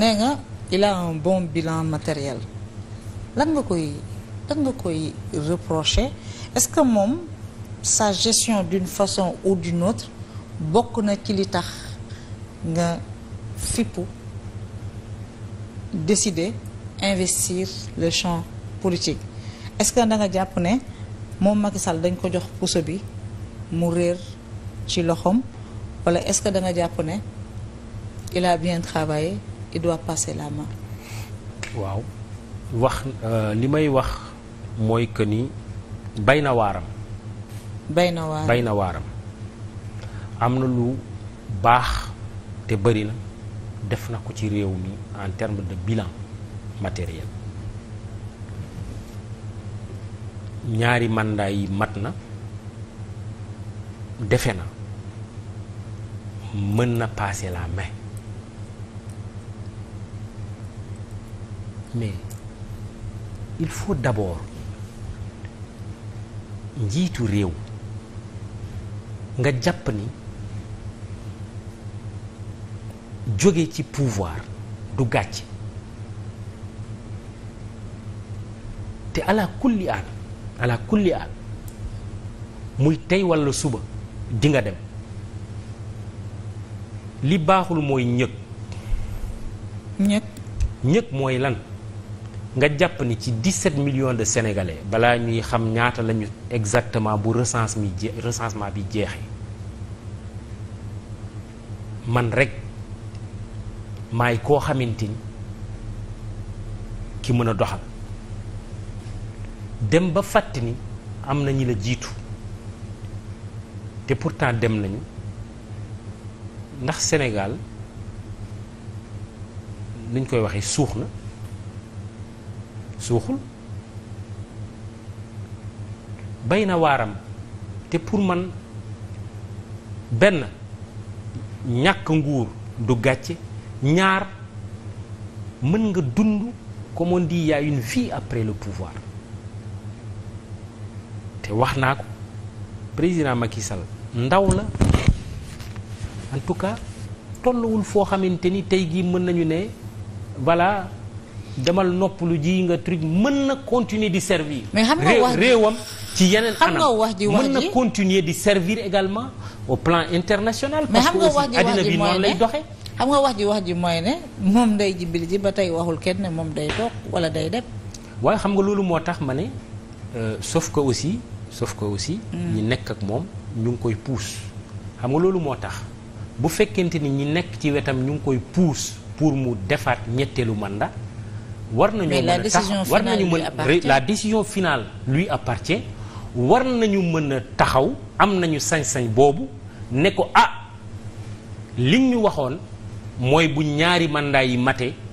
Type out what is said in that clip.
nee nga il a un bon bilan matériel lan nga koy lan nga koy reprocher est-ce que moom sa gestion d'une façon ou d'une autre bokk na ci li tax nga fippu décider investir le champ politique est-ce que da jàpp ne moom Macky Sall dañ ko jox puso bi mu réer ci loxoom walla est-ce que da nga jàpp ne il bien travaillé il doit passer waaw wax euh, li may wax mooy que ni bay na waaram. bay na waaram na waaram. am na lu baax te bëri na def na ko ci réew mi en terme de bilan matériel ñaari mandat yi mat na defe na mën na passer la main. mais il faut d'abord njiitu réew nga jàpp ni jóge ci pouvoir du gàcce te ala kulli aal ala muy tey walla suba dinga dem li baaxul mooy ñëg ñëg ñëg mooy lan nga jàpp ni ci 17 million de sénégalais balaa ñuy xam ñaata lañu exactement bu recense mi bi jeexee man rek maay koo xamante ni ki mën a doxal dem ba fàtte ni am na ñi la jiitu te pourtant dem nañu ndax Sénégal nuñ koy waxee suux na. suuxul bay na waaram te pour man benn ñàkk nguur du gàcce ñaar mën nga dund comme on fii après le pouvoir te wax naa ko président makisal ndaw la en tout cas tolluwul foo xamante ni tey jii mën nañu ne voilà demal lu ji nga truc mën na continuer di servir. mais xam nga wax réewam ci yeneen anam mën na continuer di servir également au plan international. parce que aussi addina bi noonu lay doxee. xam wax ji wax ji mooy ne moom nday jibbili ji ba tey waxul kenn ne moom day toog wala day dem. waaye xam nga loolu moo tax ma ne euh, sauf ko aussi sauf ko aussi. Hmm. ñi nekk ak moom ñu ngi koy pousse. xam nga loolu moo tax bu fekkente ni ñi nekk ci wetam ñu ngi koy pousse pour mu defaat ñetteelu man mandat. war nañu mën a tax war nañu mën la décision finale lui appartient war nañu mën a taxaw am nañu sañ-sañ boobu ne ko ah li ñu waxoon mooy bu ñaari mandat yi mate